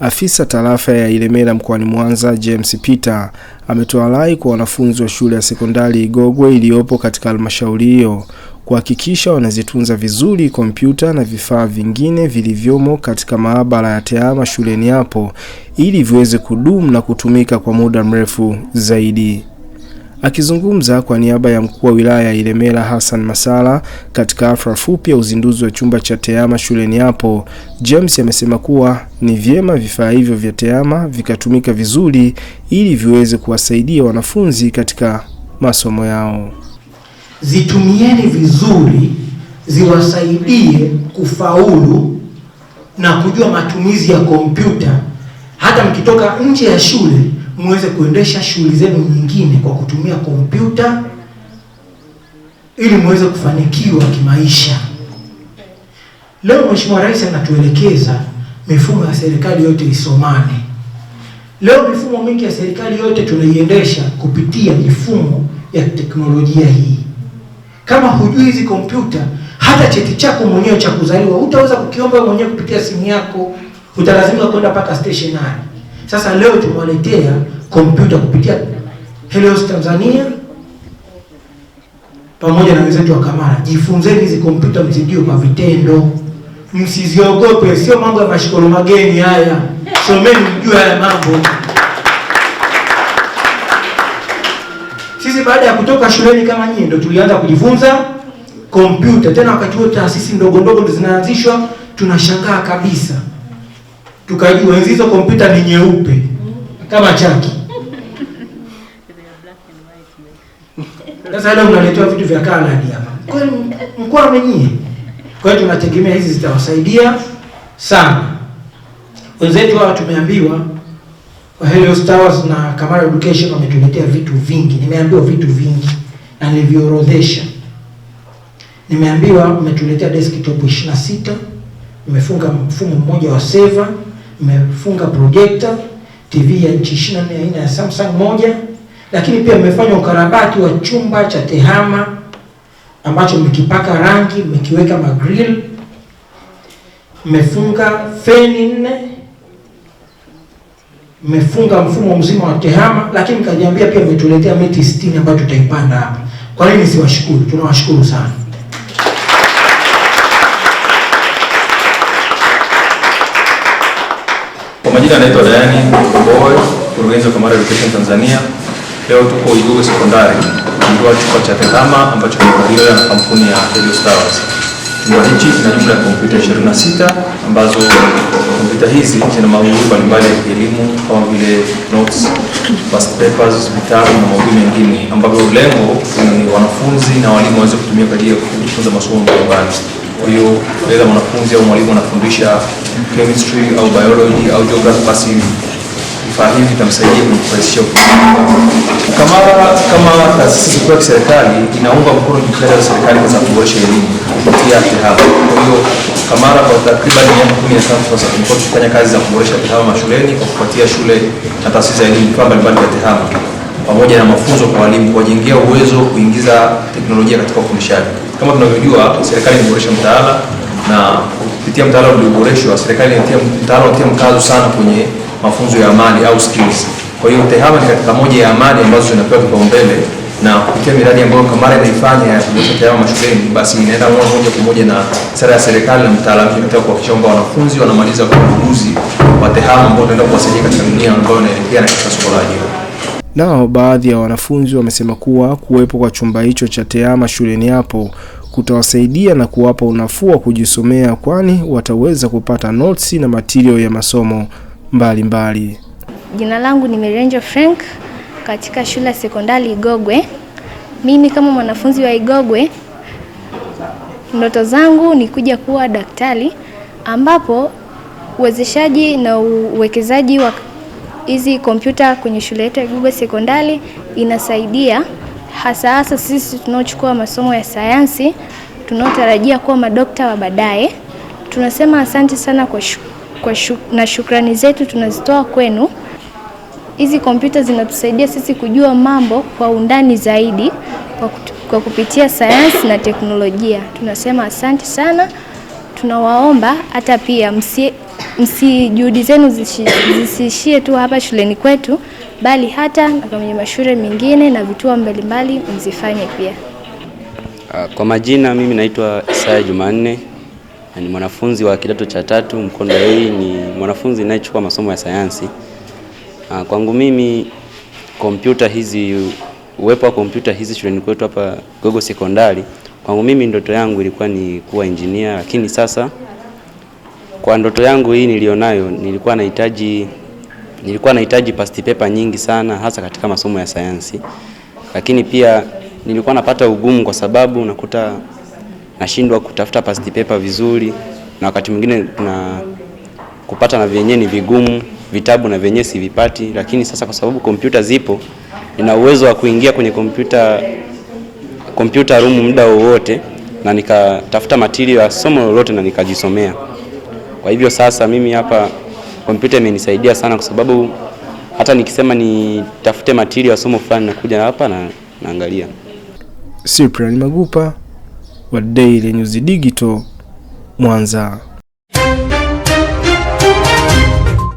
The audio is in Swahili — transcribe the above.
Afisa tarafa ya Ilemela mkoani Mwanza James Peter ametoa rai kwa wanafunzi wa shule ya sekondari Igogwe iliyopo katika halmashauri hiyo kuhakikisha wanazitunza vizuri kompyuta na vifaa vingine vilivyomo katika maabara ya TEHAMA shuleni hapo ili viweze kudumu na kutumika kwa muda mrefu zaidi. Akizungumza kwa niaba ya mkuu wa wilaya ya Ilemela Hassan Masala katika hafla fupi ya uzinduzi wa chumba cha tehama shuleni hapo, James amesema kuwa ni vyema vifaa hivyo vya tehama vikatumika vizuri ili viweze kuwasaidia wanafunzi katika masomo yao. Zitumieni vizuri, ziwasaidie kufaulu na kujua matumizi ya kompyuta. Hata mkitoka nje ya shule muweze kuendesha shughuli zenu nyingine kwa kutumia kompyuta ili muweze kufanikiwa kimaisha. Leo Mheshimiwa Rais anatuelekeza mifumo ya serikali yote isomane. Leo mifumo mingi ya serikali yote tunaiendesha kupitia mifumo ya teknolojia hii. Kama hujui hizi kompyuta, hata cheti chako mwenyewe cha kuzaliwa hutaweza kukiomba mwenyewe kupitia simu yako, utalazimika kwenda mpaka stationari. Sasa leo tumewaletea kompyuta kupitia Helios Tanzania pamoja na wenzetu wa Kamara. Jifunzeni hizi kompyuta, mzijue kwa vitendo, msiziogope. Sio mambo ya mashikolo mageni haya, someni mjue haya mambo. Sisi baada ya kutoka shuleni kama nyinyi ndo tulianza kujifunza kompyuta, tena wakati huo taasisi ndogo ndogo zinaanzishwa, tunashangaa kabisa tukajua hizi hizo kompyuta ni nyeupe kama chaki. Sasa leo unaletewa vitu vya Kanadi hapa. mkoa wenyewe. Kwa hiyo tunategemea hizi zitawasaidia sana. Wenzetu hawa tumeambiwa kwa Helios Towers na Kamara Education wametuletea vitu vingi. Nimeambiwa vitu vingi na niliviorodhesha. Nimeambiwa umetuletea desktop 26, umefunga mfumo mmoja wa seva mmefunga projector, TV ya inchi 24 aina ya Samsung moja, lakini pia mmefanya ukarabati wa chumba cha tehama ambacho mmekipaka rangi, mmekiweka magrill, mmefunga feni nne, mmefunga mfumo mzima wa tehama, lakini mkajiambia pia mmetuletea miti 60 ambayo tutaipanda hapa. Kwa nini siwashukuru? Tunawashukuru sana. majina anaitwa Dani Boy, mkurugenzi wa Kamara Education Tanzania. Leo tuko Igugu Sekondari kuzindua chumba cha tehama ambacho kimefadhiliwa na kampuni ya Helios Stars. Chumba hichi kina jumla ya kompyuta 26 ambazo kompyuta hizi zina maudhui mbalimbali ya elimu kama vile notes, past papers, vitabu na maudhui mengine ambavyo lengo ni wanafunzi na walimu waweze kutumia kwa ajili ya kujifunza masomo mbalimbali. Kwa hiyo leza mwanafunzi au mwalimu anafundisha chemistry au biology au geography, basi vifaa hivi vitamsaidia kurahisisha kama kama taasisi kuu ya kiserikali inaunga mkono jitihada za serikali katika kuboresha elimu kupitia TEHAMA. Kwa hiyo Kamara kwa takriban miaka kumi na tatu sasa tumekuwa tukifanya kazi za kuboresha TEHAMA mashuleni kwa kupatia shule na taasisi za elimu vifaa mbalimbali vya TEHAMA pamoja na mafunzo kwa walimu, kuwajengea uwezo kuingiza teknolojia katika ufundishaji. Kama tunavyojua, serikali imeboresha mtaala na kupitia mtaala ulioboreshwa, serikali inatia mtaala unatia mkazo sana kwenye mafunzo ya amali au skills. Kwa hiyo TEHAMA ni katika moja ya amali ambazo zinapewa kipaumbele na kupitia miradi ambayo Kamara inaifanya ya kuboresha TEHAMA mashuleni, basi inaenda moja kwa moja na sera ya serikali na mtaala wake unataka kuhakikisha kwamba wanafunzi wanamaliza kwa ujuzi wa TEHAMA ambao unaenda kuwasaidia katika dunia ambayo inaelekea na katika soko la ajira. Nao baadhi ya wanafunzi wamesema kuwa kuwepo kwa chumba hicho cha tehama shuleni hapo kutawasaidia na kuwapa unafuu wa kujisomea, kwani wataweza kupata notes na material ya masomo mbalimbali. Jina langu ni Merenjo Frank katika shule ya sekondari Igogwe. Mimi kama mwanafunzi wa Igogwe, ndoto zangu ni kuja kuwa daktari, ambapo uwezeshaji na uwekezaji wa hizi kompyuta kwenye shule yetu ya Kigugwe Sekondari inasaidia hasa hasa sisi tunaochukua masomo ya sayansi tunaotarajia kuwa madokta wa baadaye. Tunasema asante sana kwa shu, kwa shu, na shukrani zetu tunazitoa kwenu. Hizi kompyuta zinatusaidia sisi kujua mambo kwa undani zaidi kwa, kwa kupitia sayansi na teknolojia. Tunasema asante sana, tunawaomba hata pia msie msi juhudi zenu zisiishie tu hapa shuleni kwetu, bali hata kwenye mashule mengine na vituo mbalimbali mzifanye pia. Ah, kwa majina, mimi naitwa Isaya Jumanne na ni mwanafunzi wa kidato cha tatu Mkondo A. Ni mwanafunzi ninayechukua masomo ya sayansi. Ah, kwangu mimi kompyuta hizi, uwepo wa kompyuta hizi shuleni kwetu hapa Gogo Sekondari, kwangu mimi ndoto yangu ilikuwa ni kuwa injinia, lakini sasa kwa ndoto yangu hii nilionayo, nilikuwa nahitaji nilikuwa nahitaji past paper nyingi sana, hasa katika masomo ya sayansi, lakini pia nilikuwa napata ugumu kwa sababu nakuta nashindwa kutafuta past paper vizuri, na wakati mwingine na kupata na vyenyewe ni vigumu, vitabu na vyenyewe sivipati. Lakini sasa kwa sababu kompyuta zipo, nina uwezo wa kuingia kwenye kompyuta kompyuta room muda wowote na nikatafuta material ya somo lolote na nikajisomea. Kwa hivyo sasa mimi hapa kompyuta imenisaidia sana, kwa sababu hata nikisema nitafute matiri ya somo fulani nakuja hapa na naangalia. Cyprian Magupa wa Daily News Digital Mwanza.